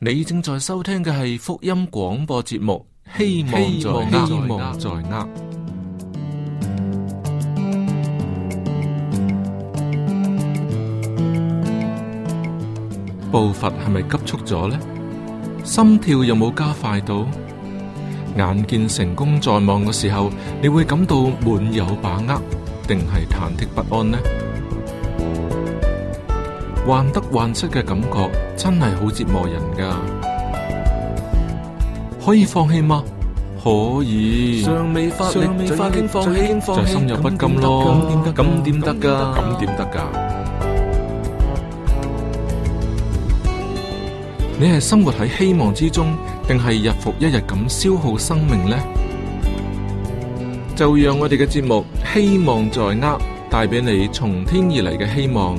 你正在收聽嘅係福音廣播節目，希望在握。步伐係咪急促咗呢？心跳有冇加快到？眼見成功在望嘅時候，你會感到滿有把握，定係忐忑不安呢？患得患失嘅感覺真係好折磨人噶，可以放棄嗎？可以。尚未發力，就心有不甘咯。咁點得噶？咁點得噶？咁點得噶？你係生活喺希望之中，定係日復一日咁消耗生命呢？就讓我哋嘅節目《希望在握》，帶俾你從天而嚟嘅希望。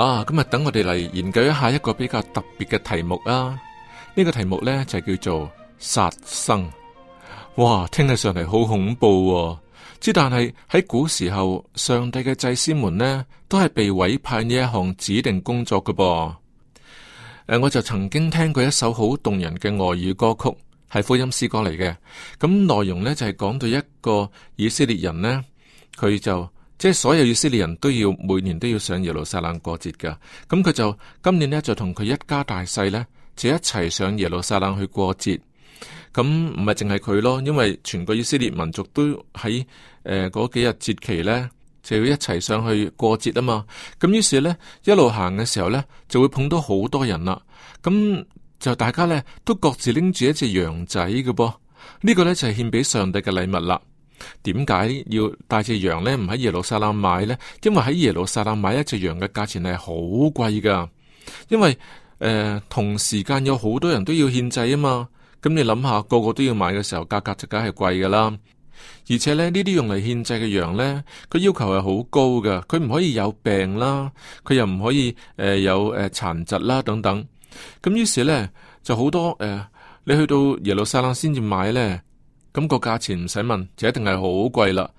啊，今日等我哋嚟研究一下一個比較特別嘅題目啊！呢個題目呢，就叫做殺生。哇，聽起上嚟好恐怖。之但係喺古時候，上帝嘅祭司們呢，都係被委派呢一項指定工作㗎噃。誒，我就曾經聽過一首好動人嘅外語歌曲，係福音詩歌嚟嘅。咁內容呢，就係講到一個以色列人呢，佢就。即係所有以色列人都要每年都要上耶路撒冷過節噶，咁佢就今年呢，就同佢一家大細呢，就一齊上耶路撒冷去過節。咁唔係淨係佢咯，因為全個以色列民族都喺誒嗰幾日節期呢，就要一齊上去過節啊嘛。咁於是呢，一路行嘅時候呢，就會碰到好多人啦。咁就大家呢，都各自拎住一隻羊仔噶噃。呢個呢，就係獻俾上帝嘅禮物啦。點解要帶隻羊呢？唔喺耶路撒冷買呢？因為喺耶路撒冷買一隻羊嘅價錢係好貴噶，因為誒、呃、同時間有好多人都要獻祭啊嘛。咁你諗下，個個都要買嘅時候，價格就梗係貴噶啦。而且呢，呢啲用嚟獻祭嘅羊呢，佢要求係好高噶，佢唔可以有病啦，佢又唔可以誒、呃、有誒殘、呃、疾啦等等。咁於是呢，就好多誒、呃，你去到耶路撒冷先至買呢。咁個價錢唔使問，就一定係好貴啦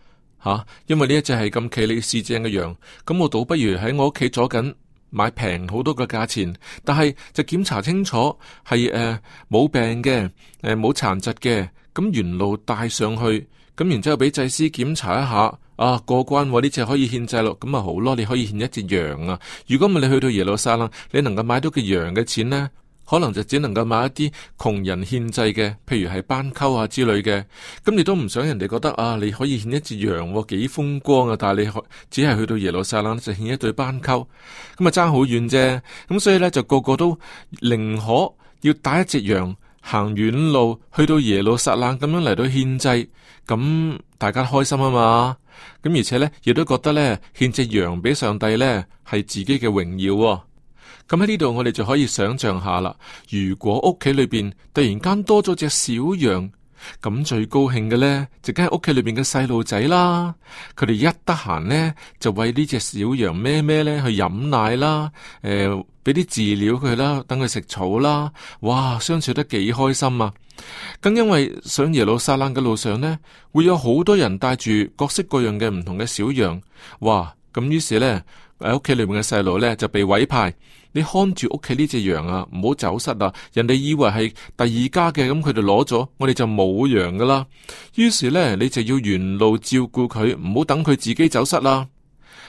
吓，因為呢一隻係咁企理市正嘅羊，咁我倒不如喺我屋企左緊買平好多嘅價錢，但係就檢查清楚係誒冇病嘅，誒冇殘疾嘅，咁沿路帶上去，咁然之後俾祭司檢查一下，啊過關呢隻可以獻祭咯，咁咪好咯，你可以獻一隻羊啊，如果唔係你去到耶路撒冷，你能夠買到嘅羊嘅錢呢？可能就只能夠買一啲窮人獻祭嘅，譬如係斑鳩啊之類嘅，咁你都唔想人哋覺得啊，你可以獻一隻羊，哦，幾風光啊！但係你只係去到耶路撒冷就獻一對斑鳩，咁啊爭好遠啫。咁所以呢，就個個都寧可要帶一隻羊行遠路去到耶路撒冷咁樣嚟到獻祭，咁大家開心啊嘛。咁而且呢，亦都覺得呢獻隻羊俾上帝呢，係自己嘅榮耀，哦。咁喺呢度，我哋就可以想象下啦。如果屋企裏邊突然間多咗隻小羊，咁最高興嘅呢，就梗係屋企裏面嘅細路仔啦。佢哋一得閒呢，就餵呢隻小羊咩咩呢去飲奶啦，誒、呃，俾啲飼料佢啦，等佢食草啦。哇，相處得幾開心啊！更因為上耶路撒冷嘅路上呢，會有好多人帶住各式各樣嘅唔同嘅小羊。哇，咁於是呢，喺屋企裏面嘅細路呢，就被委派。你看住屋企呢隻羊啊，唔好走失啦！人哋以為係第二家嘅，咁佢哋攞咗，我哋就冇羊噶啦。於是呢，你就要沿路照顧佢，唔好等佢自己走失啦。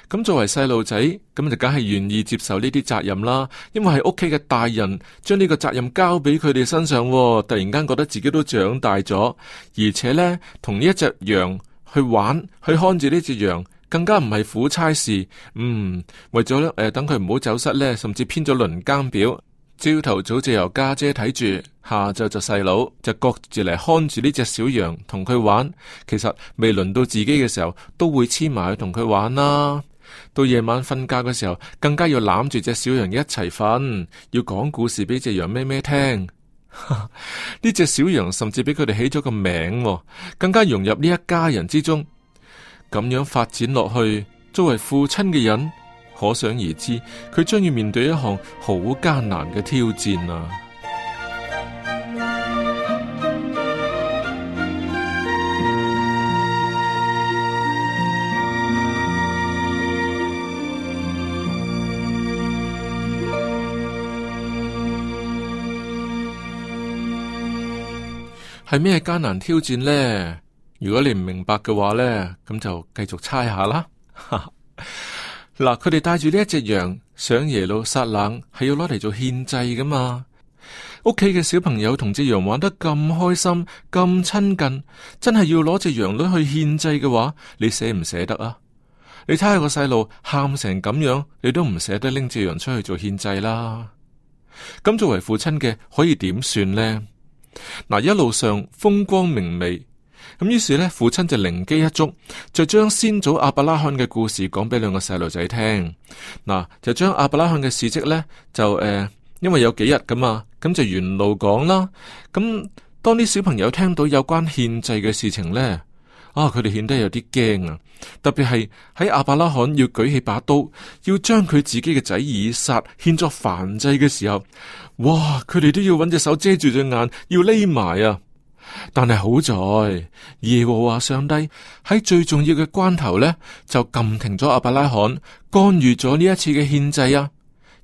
咁、嗯、作為細路仔，咁就梗係願意接受呢啲責任啦。因為係屋企嘅大人將呢個責任交俾佢哋身上，哦、突然間覺得自己都長大咗，而且呢，同呢一隻羊去玩，去看住呢隻羊。更加唔係苦差事，嗯，為咗咧、呃，等佢唔好走失呢，甚至編咗輪更表，朝頭早就由家姐睇住，下晝就細佬就各自嚟，看住呢隻小羊同佢玩。其實未輪到自己嘅時候，都會黐埋去同佢玩啦。到夜晚瞓覺嘅時候，更加要攬住隻小羊一齊瞓，要講故事俾隻羊咩咩聽。呢 隻小羊甚至俾佢哋起咗個名，更加融入呢一家人之中。咁樣發展落去，作為父親嘅人，可想而知，佢將要面對一項好艱難嘅挑戰啊。係咩艱難挑戰呢？如果你唔明白嘅話呢，咁就繼續猜下啦。嗱， 佢哋帶住呢一隻羊，上耶路撒冷係要攞嚟做獻祭噶嘛？屋企嘅小朋友同隻羊玩得咁開心，咁親近，真係要攞隻羊女去獻祭嘅話，你捨唔捨得啊？你猜下個細路喊成咁樣，你都唔捨得拎隻羊出去做獻祭啦。咁作為父親嘅，可以點算呢？嗱，一路上風光明媚。咁於是咧，父親就靈機一觸，就將先祖亞伯拉罕嘅故事講俾兩個細路仔聽。嗱，就將亞伯拉罕嘅事跡咧，就誒、呃，因為有幾日噶嘛，咁就沿路講啦。咁當啲小朋友聽到有關獻祭嘅事情咧，啊，佢哋顯得有啲驚啊。特別係喺亞伯拉罕要舉起把刀，要將佢自己嘅仔以撒獻作燔祭嘅時候，哇，佢哋都要揾隻手遮住隻眼，要匿埋啊！但係好在耶和華上帝喺最重要嘅關頭呢，就撳停咗阿伯拉罕干預咗呢一次嘅獻祭啊。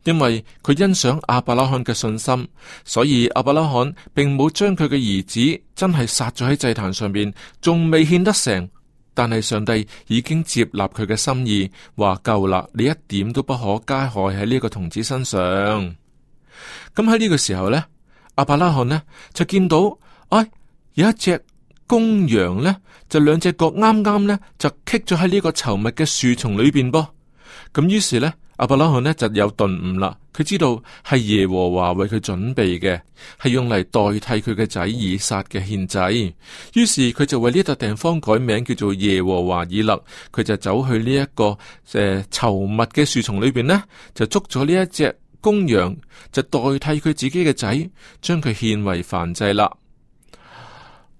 因為佢欣賞阿伯拉罕嘅信心，所以阿伯拉罕並冇將佢嘅兒子真係殺咗喺祭壇上面，仲未獻得成。但係上帝已經接納佢嘅心意，話夠啦，你一點都不可加害喺呢個童子身上。咁喺呢個時候呢，阿伯拉罕呢，就見到，哎。有一隻公羊呢，就兩隻角啱啱呢，就棘咗喺呢個稠密嘅樹叢裏邊噃。咁於是呢，阿伯拉罕咧就有頓悟啦。佢知道係耶和華為佢準備嘅，係用嚟代替佢嘅仔以撒嘅獻祭。於是佢就為呢笪地方改名叫做耶和華以勒。佢就走去呢、這、一個誒稠密嘅樹叢裏邊呢，就捉咗呢一隻公羊，就代替佢自己嘅仔，將佢獻為燔祭啦。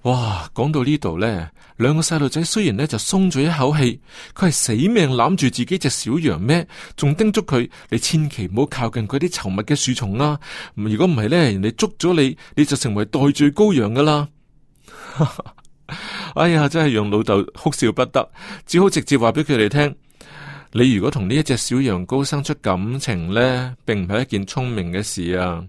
哇，講到呢度呢，兩個細路仔雖然呢就鬆咗一口氣，佢係死命攬住自己隻小羊咩，仲叮囑佢：你千祈唔好靠近佢啲稠密嘅樹叢啦。如果唔係呢，人哋捉咗你，你就成為代罪羔羊噶啦。 哎呀，真係讓老豆哭笑不得，只好直接話俾佢哋聽：你如果同呢一隻小羊羔生出感情呢，並唔係一件聰明嘅事啊。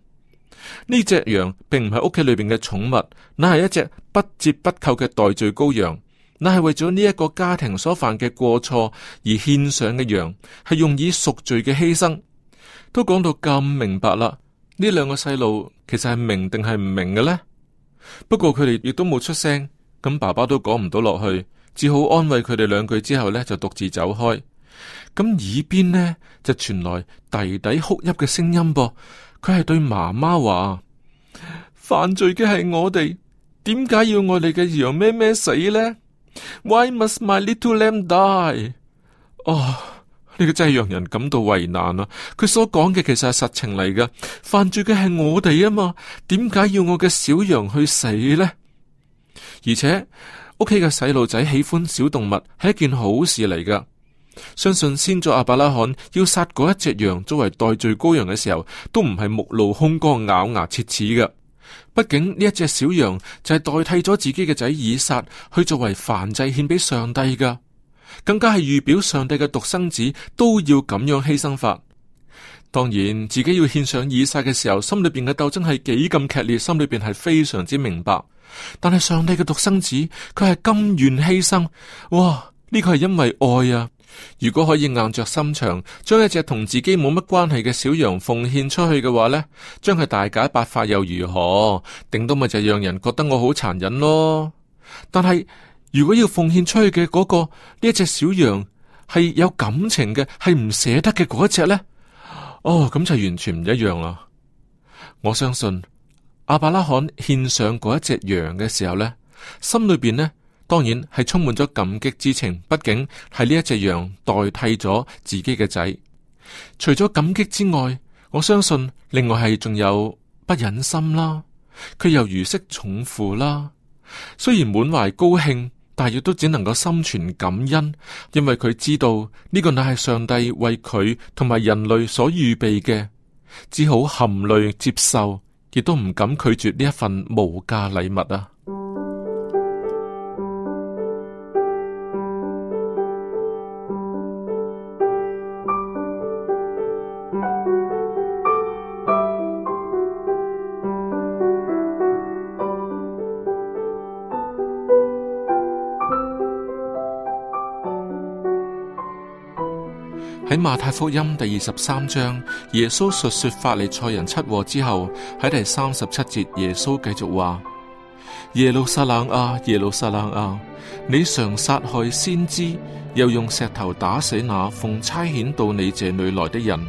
呢隻羊並唔係屋企裏邊嘅寵物，乃係一隻不折不扣嘅代罪羔羊，乃係為咗呢一個家庭所犯嘅過錯而獻上嘅羊，係用以贖罪嘅犧牲。都講到咁明白啦，呢兩個細路其實係明定係唔明嘅呢？不過佢哋亦都冇出聲，咁爸爸都講唔到落去，只好安慰佢哋兩句之後呢，就獨自走開。咁耳邊呢就傳來弟弟哭泣嘅聲音噃。佢係對媽媽話：犯罪嘅係我哋，點解要我哋嘅羊咩咩死呢？Why must my little lamb die？哦，呢個真係讓人感到為難啊！佢所講嘅其實係實情嚟噶，犯罪嘅係我哋啊嘛，點解要我嘅小羊去死呢？而且屋企嘅細路仔喜歡小動物，係一件好事嚟噶。相信先祖阿伯拉罕要殺嗰一隻羊作為代罪羔羊嘅時候，都唔係目露凶光咬牙切齒噶。畢竟呢一隻小羊就係代替咗自己嘅仔以撒去作為燔祭獻俾上帝噶，更加係預表上帝嘅獨生子都要咁樣犧牲法。當然自己要獻上以撒嘅時候，心裏邊嘅鬥爭係幾咁劇烈，心裏邊係非常之明白。但係上帝嘅獨生子佢係甘願犧牲，哇！呢個係因為愛啊！如果可以硬着心腸將一隻同自己冇乜關係嘅小羊奉獻出去嘅話呢將佢大卸八塊又如何？頂多咪就讓人覺得我好殘忍咯。但係如果要奉獻出去嘅嗰個呢一隻小羊係有感情嘅，係唔捨得嘅嗰一隻咧，哦，咁就完全唔一樣啦。我相信阿伯拉罕獻上嗰一隻羊嘅時候呢，心裏邊呢……當然係充滿咗感激之情，畢竟係呢一隻羊代替咗自己嘅仔。除咗感激之外，我相信另外係仲有不忍心啦，佢又如釋重負啦。雖然滿懷高興，但亦都只能夠心存感恩，因為佢知道呢個乃係上帝為佢同埋人類所預備嘅，只好含淚接受，亦都唔敢拒絕呢一份無價禮物啊！喺馬太福音第二十三章，耶穌述說法利賽人七禍之後，喺第三十七節，耶穌繼續話：耶路撒冷啊，耶路撒冷啊，你常殺害先知，又用石頭打死那奉差遣到你這裏來的人。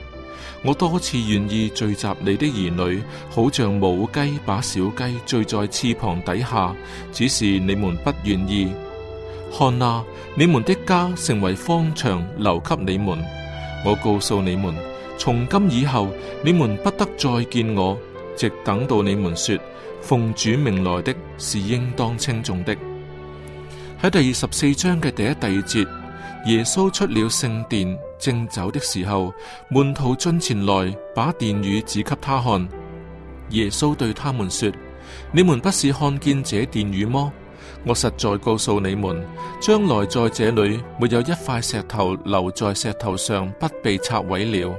我多次願意聚集你的兒女，好像母雞把小雞聚在翅膀底下，只是你們不願意。看啊，你們的家成為荒場，留給你們。我告訴你們，從今以後，你們不得再見我，直等到你們說奉主名來的是應當稱頌的。喺第二十四章嘅第一第二節，耶穌出了聖殿正走的時候，門徒進前來把殿宇指給他看。耶穌對他們說：你們不是看見這殿宇嗎？我實在告訴你們，將來在這裏沒有一塊石頭留在石頭上，不被拆毀了。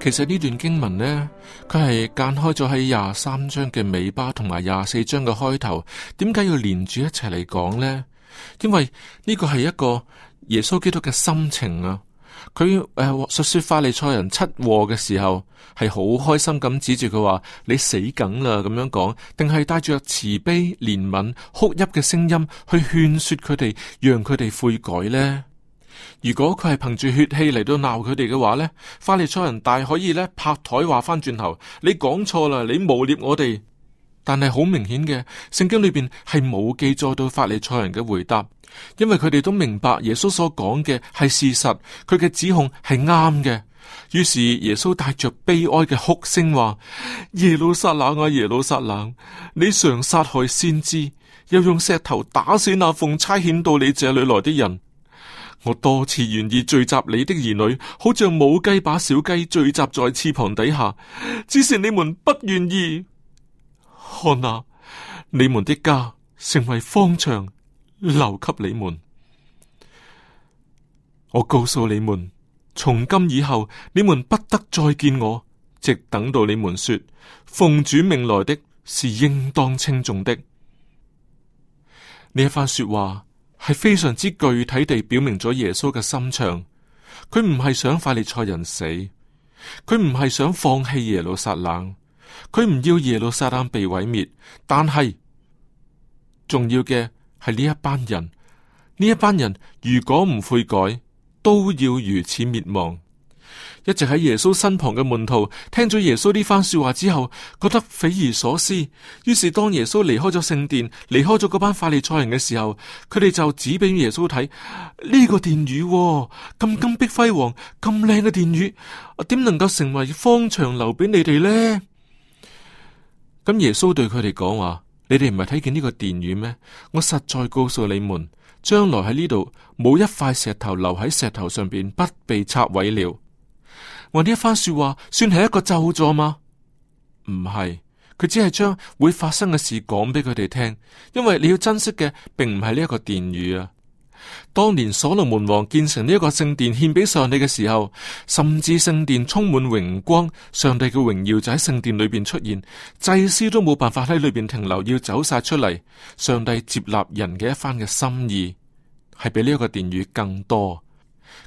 其實呢段經文呢，佢係間開咗喺廿三章嘅尾巴同埋廿四章嘅開頭，點解要連住一齊嚟講呢？因為呢個係一個耶穌基督嘅心情啊。佢誒，呃、述說法利賽人出禍嘅時候，係好開心咁指住佢話：你死梗啦！咁樣講，定係帶住慈悲、憐憫、哭泣嘅聲音去勸說佢哋，讓佢哋悔改呢？如果佢係憑住血氣嚟到鬧佢哋嘅話呢？法利賽人大可以呢拍台話翻轉頭：你講錯啦，你誣衊我哋。但係好明顯嘅，聖經裏邊係冇記載到法利賽人嘅回答，因為佢哋都明白耶穌所講嘅係事實，佢嘅指控係啱嘅。於是耶穌帶着悲哀嘅哭聲話：耶路撒冷啊，耶路撒冷，你常殺害先知，又用石頭打死那奉差遣到你這裏來的人。我多次願意聚集你的兒女，好像母雞把小雞聚集在翅膀底下，只是你們不願意。看啊！你們的家成為荒場，留給你們。我告訴你們，從今以後，你們不得再見我，直等到你們說奉主命來的是應當稱頌的。呢一番說話係非常之具體地表明咗耶穌嘅心腸。佢唔係想法利賽人死，佢唔係想放棄耶路撒冷。佢唔要耶路撒冷被毀滅，但係重要嘅係呢一班人，呢一班人如果唔悔改，都要如此滅亡。一直喺耶穌身旁嘅門徒聽咗耶穌呢番說話之後，覺得匪夷所思。於是當耶穌離開咗聖殿，離開咗嗰班法利賽人嘅時候，佢哋就指俾耶穌睇呢、這個殿宇、哦，咁金碧輝煌、咁靚嘅殿宇，點能夠成為方長留俾你哋呢？咁耶穌對佢哋講話：你哋唔係睇見呢個殿宇咩？我實在告訴你們，將來喺呢度冇一塊石頭留喺石頭上邊，不被拆毀了。我呢一番說話算係一個咒詛嗎？唔係，佢只係將會發生嘅事講俾佢哋聽，因為你要珍惜嘅並唔係呢一個殿宇啊。當年所羅門王建成呢一個聖殿獻俾上帝嘅時候，甚至聖殿充滿榮光，上帝嘅榮耀就喺聖殿裏邊出現，祭司都冇辦法喺裏邊停留，要走晒出嚟。上帝接納人嘅一番嘅心意，係比呢一個殿宇更多。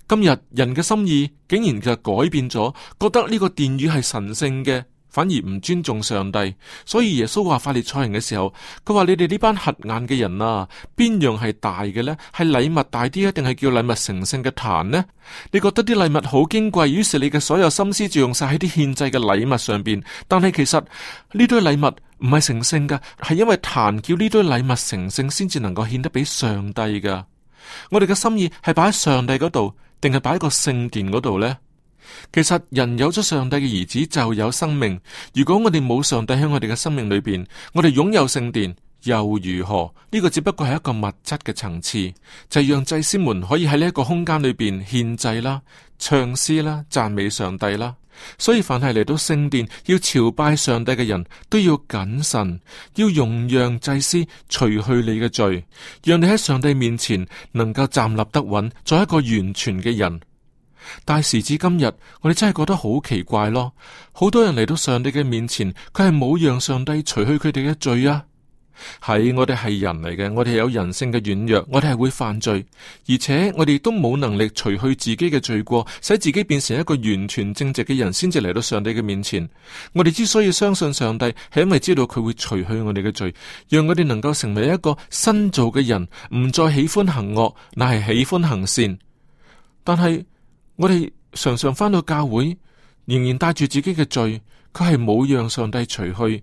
今日人嘅心意竟然就改變咗，覺得呢個殿宇係神聖嘅。反而唔尊重上帝，所以耶穌話法列賽人嘅時候，佢話你哋呢班瞎眼嘅人啊，邊樣係大嘅呢？係禮物大啲，一定係叫禮物成聖嘅壇呢？你覺得啲禮物好矜貴，於是你嘅所有心思就用晒喺啲獻祭嘅禮物上邊，但係其實呢堆禮物唔係成聖噶，係因為壇叫呢堆禮物成聖，先至能夠獻得俾上帝噶。我哋嘅心意係擺喺上帝嗰度，定係擺喺個聖殿嗰度呢？其實人有咗上帝嘅兒子就有生命。如果我哋冇上帝喺我哋嘅生命裏邊，我哋擁有聖殿又如何？呢、這個只不過係一個物質嘅層次，就係、是、讓祭司們可以喺呢一個空間裏邊獻祭啦、唱詩啦、讚美上帝啦。所以凡係嚟到聖殿要朝拜上帝嘅人都要謹慎，要容讓祭司除去你嘅罪，讓你喺上帝面前能夠站立得穩，做一個完全嘅人。但時至今日，我哋真係覺得好奇怪咯。好多人嚟到上帝嘅面前，佢係冇讓上帝除去佢哋嘅罪啊。係我哋係人嚟嘅，我哋係有人性嘅軟弱，我哋係會犯罪，而且我哋都冇能力除去自己嘅罪過，使自己變成一個完全正直嘅人，先至嚟到上帝嘅面前。我哋之所以相信上帝，係因為知道佢會除去我哋嘅罪，讓我哋能夠成為一個新造嘅人，唔再喜歡行惡，乃係喜歡行善。但係，我哋常常翻到教會，仍然帶住自己嘅罪，佢係冇讓上帝除去，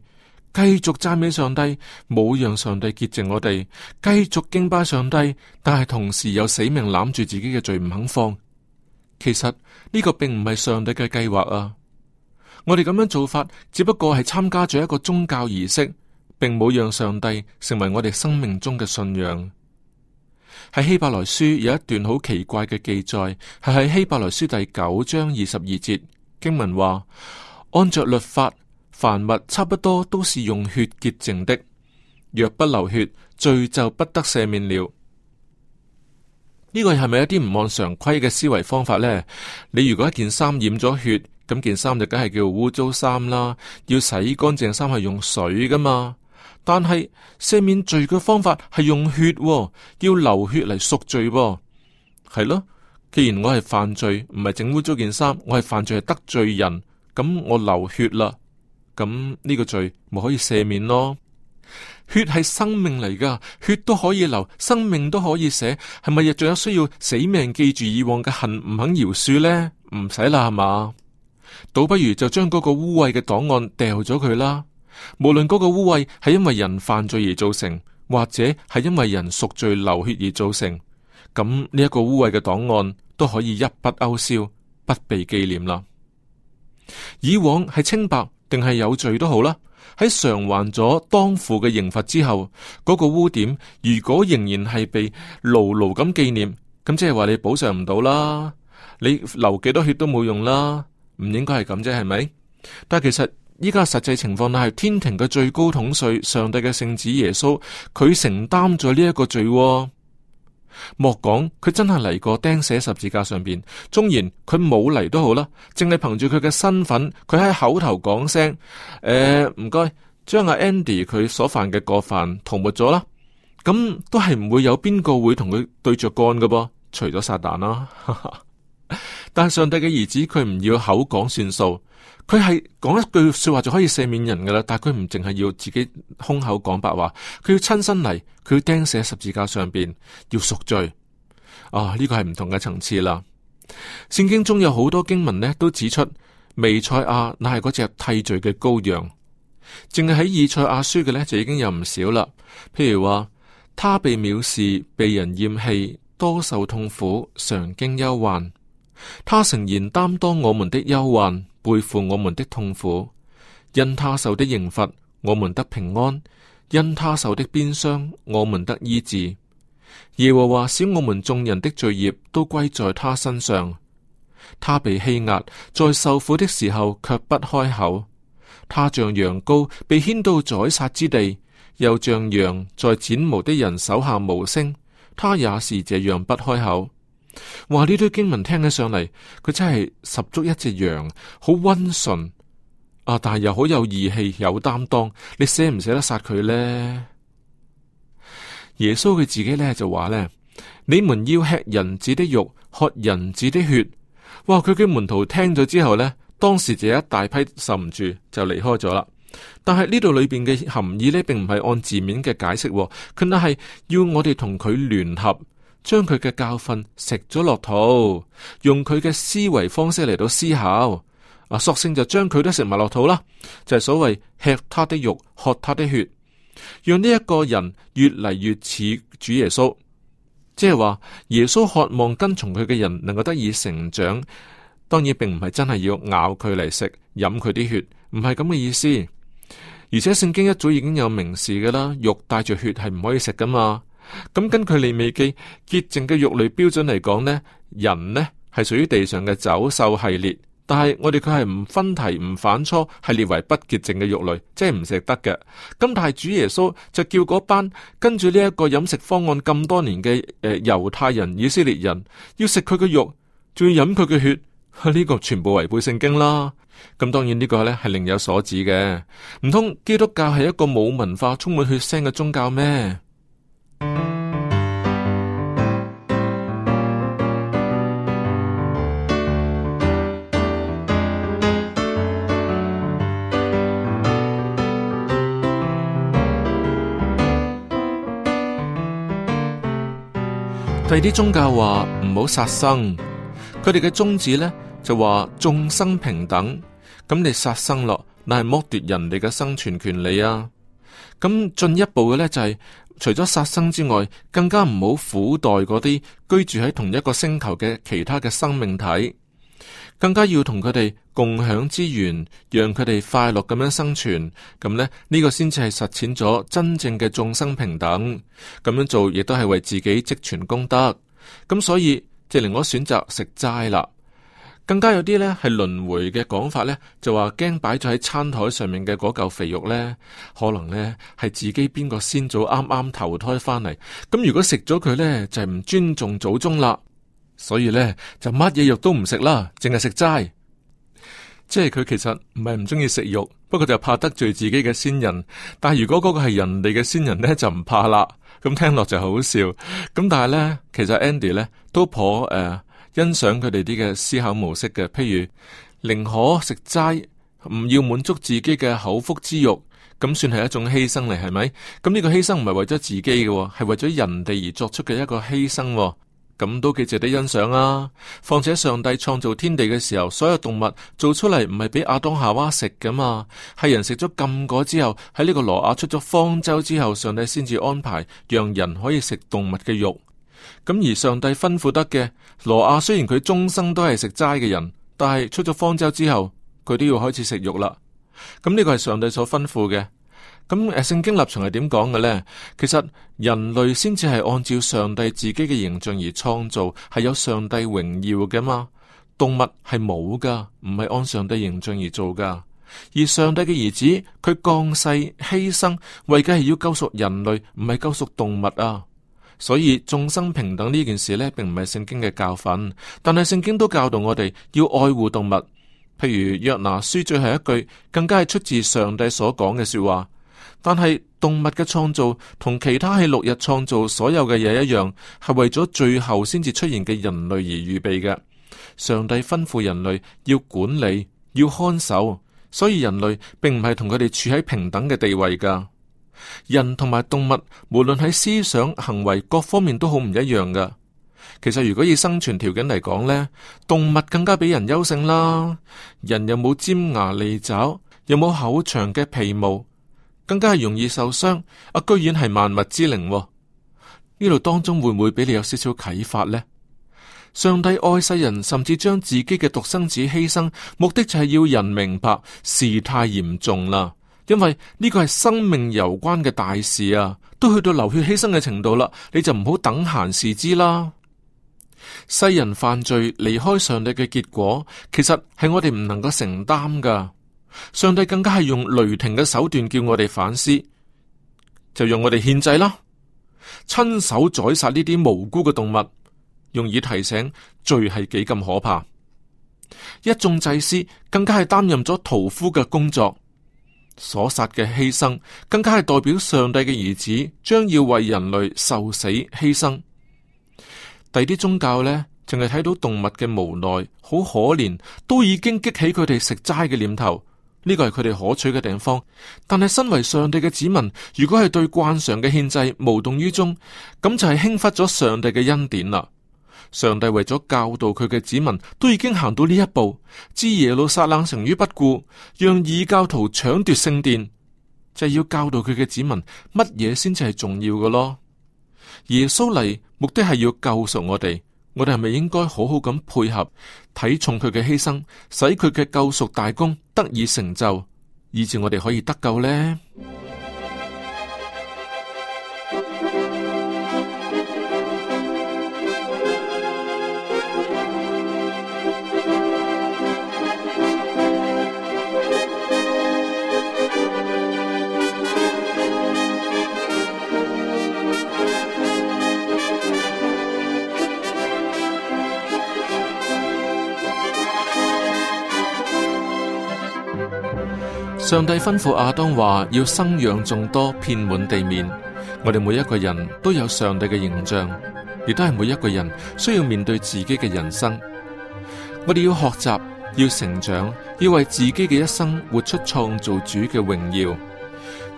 繼續讚美上帝，冇讓上帝潔淨我哋，繼續敬拜上帝，但係同時又死命攬住自己嘅罪唔肯放。其實呢個並唔係上帝嘅計劃啊！我哋咁樣做法，只不過係參加咗一個宗教儀式，並冇讓上帝成為我哋生命中嘅信仰。喺希伯來書有一段好奇怪嘅記載，係喺希伯來書第九章二十二節經文話：按着律法，凡物差不多都是用血潔淨的，若不流血，罪就不得赦免了。呢、這個係咪一啲唔按常規嘅思維方法呢？你如果一件衫染咗血，咁件衫就梗係叫污糟衫啦，要洗乾淨衫係用水噶嘛。但係赦免罪嘅方法係用血，哦，要流血嚟贖罪噃，哦，係咯？既然我係犯罪，唔係整污咗件衫，我係犯罪係得罪人，咁我流血啦，咁呢個罪咪可以赦免咯？血係生命嚟噶，血都可以流，生命都可以寫，係咪？日仲有需要死命記住以往嘅恨，唔肯饒恕呢？唔使啦，係嘛？倒不如就將嗰個污穢嘅檔案掉咗佢啦。無論嗰個污穢係因為人犯罪而造成，或者係因為人贖罪流血而造成，咁呢一個污穢嘅檔案都可以一筆勾銷，不被紀念啦。以往係清白定係有罪都好啦，喺償還咗當付嘅刑罰之後，嗰、那個污點如果仍然係被牢牢咁紀念，咁即係話你補償唔到啦，你流幾多血都冇用啦，唔應該係咁啫，係咪？但係其實。依家實際情況係天庭嘅最高統帥上帝嘅聖子耶穌，佢承擔咗呢一個罪，哦。莫講佢真係嚟過釘死十字架上邊，縱然佢冇嚟都好憑，呃、啦，淨係憑住佢嘅身份，佢喺口頭講聲，誒唔該，將阿 Andy 佢所犯嘅過犯塗抹咗啦，咁都係唔會有邊個會同佢對着幹嘅噃，除咗撒旦啦，啊。 但上帝嘅兒子，佢唔要口講算數，佢係講一句說話就可以赦免人噶啦。但係佢唔淨係要自己空口講白話，佢要親身嚟，佢要釘死喺十字架上邊，要贖罪。啊，呢個係唔同嘅層次啦。聖經中有好多經文呢，都指出彌賽亞乃係嗰隻替罪嘅羔羊。淨係喺以賽亞書嘅呢，就已經有唔少啦。譬如話，他被藐視，被人厭棄，多受痛苦，常經憂患。他誠然擔當我們的憂患，背負我們的痛苦。因他受的刑罰，我們得平安；因他受的鞭傷，我們得醫治。耶和華使我們眾人的罪孽都歸在他身上。他被欺壓，在受苦的時候卻不開口。他像羊羔，被牽到宰殺之地，又像羊在剪毛的人手下無聲。他也是這樣不開口。話呢堆經文聽起上嚟，佢真係十足一隻羊，好溫順啊！但係又好有義氣，有擔當。你捨唔捨得殺佢呢？耶穌佢自己咧就話咧：你們要吃人子的肉，喝人子的血。哇！佢嘅門徒聽咗之後呢，當時就一大批受唔住就離開咗啦。但係呢度裏邊嘅含義呢，並唔係按字面嘅解釋，佢那係要我哋同佢聯合。將佢嘅教訓食咗落肚，用佢嘅思維方式嚟到思考，啊，索性就將佢都食埋落肚啦，就係所謂吃他的肉，喝他的血，讓呢一個人越嚟越似主耶穌。即係話耶穌渴望跟從佢嘅人能夠得以成長，當然並唔係真係要咬佢嚟食，飲佢啲血，唔係咁嘅意思。而且聖經一早已經有明示噶啦，肉帶住血係唔可以食噶嘛。咁根據《利未記》潔淨嘅肉類標準嚟講呢，人呢係屬於地上嘅走獸系列，但係我哋佢係唔分題唔反錯，係列為不潔淨嘅肉類，即係唔食得嘅。咁但係主耶穌就叫嗰班跟住呢一個飲食方案咁多年嘅誒猶太人、以色列人要食佢嘅肉，仲要飲佢嘅血，呢、啊這個全部違背聖經啦。咁、嗯、當然呢個咧係另有所指嘅，唔通基督教係一個冇文化、充滿血腥嘅宗教咩？係啲宗教話唔好殺生，佢哋嘅宗旨呢就話眾生平等，咁你殺生咯，那係剝奪人哋嘅生存權利啊！咁進一步嘅呢，就係、是、除咗殺生之外，更加唔好苦待嗰啲居住喺同一個星球嘅其他嘅生命體。更加要同佢哋共享資源，讓佢哋快樂咁樣生存，咁呢，呢、呢個先至係實踐咗真正嘅眾生平等。咁樣做亦都係為自己積存功德。咁所以即令我選擇食齋啦。更加有啲呢係輪迴嘅講法呢，就話驚，擺咗喺餐台上面嘅嗰嚿肥肉呢，可能呢係自己邊個先祖啱啱投胎翻嚟。咁如果食咗佢呢，就係唔尊重祖宗啦。所以咧，就乜嘢肉都唔食啦，淨係食齋。即係佢其實唔係唔中意食肉，不過就怕得罪自己嘅先人。但係如果嗰個係人哋嘅先人呢，就唔怕啦。咁聽落就好笑。咁但係呢，其實 Andy 呢都頗誒、uh, 欣賞佢哋啲嘅思考模式嘅。譬如寧可食齋，唔要滿足自己嘅口腹之欲，咁算係一種犧牲嚟，係咪？咁呢個犧牲唔係為咗自己嘅，係為咗人哋而作出嘅一個犧牲。咁都幾值得欣賞啊。況且上帝創造天地嘅時候，所有動物做出嚟唔係俾亞當夏娃食噶嘛，係人食咗禁果之後，喺呢個羅亞出咗方舟之後，上帝先至安排讓人可以食動物嘅肉。咁而上帝吩咐得嘅羅亞，羅雖然佢終生都係食齋嘅人，但係出咗方舟之後，佢都要開始食肉啦。咁呢個係上帝所吩咐嘅。咁誒，聖經立場係點講嘅呢？其實人類先至係按照上帝自己嘅形象而創造，係有上帝榮耀嘅嘛。動物係冇噶，唔係按上帝形象而做噶。而上帝嘅兒子，佢降世犧牲，為嘅係要救贖人類，唔係救贖動物啊。所以眾生平等呢件事呢，並唔係聖經嘅教訓。但係聖經都教導我哋要愛護動物。譬如約拿書最後一句，更加係出自上帝所講嘅說話。但係動物嘅創造同其他喺六日創造所有嘅嘢一樣，係為咗最後先至出現嘅人類而預備嘅。上帝吩咐人類要管理、要看守，所以人類並唔係同佢哋處喺平等嘅地位噶。人同埋動物無論喺思想、行為各方面都好唔一樣噶。其實如果以生存條件嚟講呢，動物更加比人優勝啦。人又冇尖牙利爪，又冇厚長嘅皮毛。更加係容易受傷，阿，居然係萬物之靈喎，呢度當中會唔會俾你有少少啟發呢？上帝愛世人，甚至將自己嘅獨生子犧牲，目的就係要人明白事態嚴重啦。因為呢個係生命攸關嘅大事啊，都去到流血犧牲嘅程度啦，你就唔好等閒視之啦。世人犯罪離開上帝嘅結果，其實係我哋唔能夠承擔噶。上帝更加係用雷霆嘅手段叫我哋反思，就用我哋獻祭啦，親手宰殺呢啲無辜嘅動物，用以提醒罪係幾咁可怕。一眾祭司更加係擔任咗屠夫嘅工作，所殺嘅犧牲更加係代表上帝嘅兒子將要為人類受死犧牲。第啲宗教呢，淨係睇到動物嘅無奈，好可憐，都已經激起佢哋食齋嘅念頭。呢個係佢哋可取嘅地方，但係身為上帝嘅子民，如果係對慣常嘅憲制無動於衷，咁就係輕忽咗上帝嘅恩典啦。上帝為咗教導佢嘅子民，都已經行到呢一步，知耶路撒冷成於不顧，讓異教徒搶奪聖殿，就係、是、要教導佢嘅子民乜嘢先至係重要嘅咯。耶穌嚟，目的係要救贖我哋。我哋係咪應該好好咁配合，睇重佢嘅犧牲，使佢嘅救贖大功得以成就，以至我哋可以得救呢？上帝吩咐亞當話，要生養眾多，遍滿地面。我哋每一個人都有上帝嘅形象，亦都係每一個人需要面對自己嘅人生。我哋要學習，要成長，要為自己嘅一生活出創造主嘅榮耀，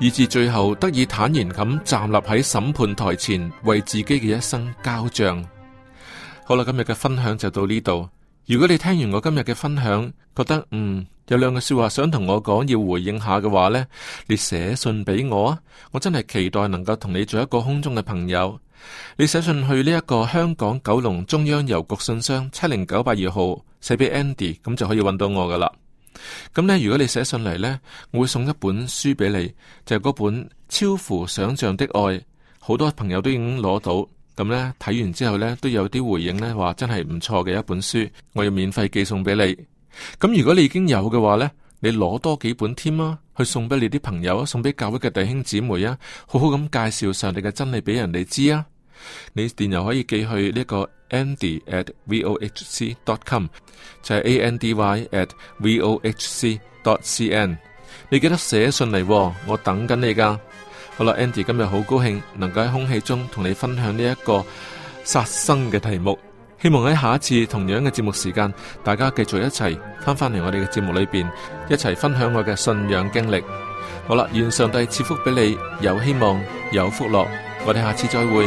以至最後得以坦然咁站立喺審判台前，為自己嘅一生交賬。好啦，今日嘅分享就到呢度。如果你聽完我今日嘅分享，覺得嗯，有兩個說話想同我講，要回應下嘅話呢，你寫信俾我啊！我真係期待能夠同你做一個空中嘅朋友。你寫信去呢一個香港九龍中央郵局信箱七零九八二號，寫俾 Andy 咁就可以搵到我噶啦。咁、嗯、呢，如果你寫信嚟呢，我會送一本書俾你，就係、是、嗰本超乎想象的愛，好多朋友都已經攞到。咁咧，睇完之後咧，都有啲回應咧，話真係唔錯嘅一本書，我要免費寄送俾你。咁如果你已經有嘅話咧，你攞多幾本添啊，去送俾你啲朋友啊，送俾教會嘅弟兄姊妹啊，好好咁介紹上帝嘅真理俾人哋知啊。你電郵可以寄去呢個 andy@vohc.com，就係 andy@vohc.cn。你記得寫信嚟，我等緊你噶。好啦，Andy 今日好高興能夠喺空氣中同你分享呢一個殺生嘅題目，希望喺下一次同樣嘅節目時間，大家繼續一齊翻返嚟我哋嘅節目裏邊，一齊分享我嘅信仰經歷。好啦，願上帝賜福俾你，有希望，有福樂，我哋下次再會。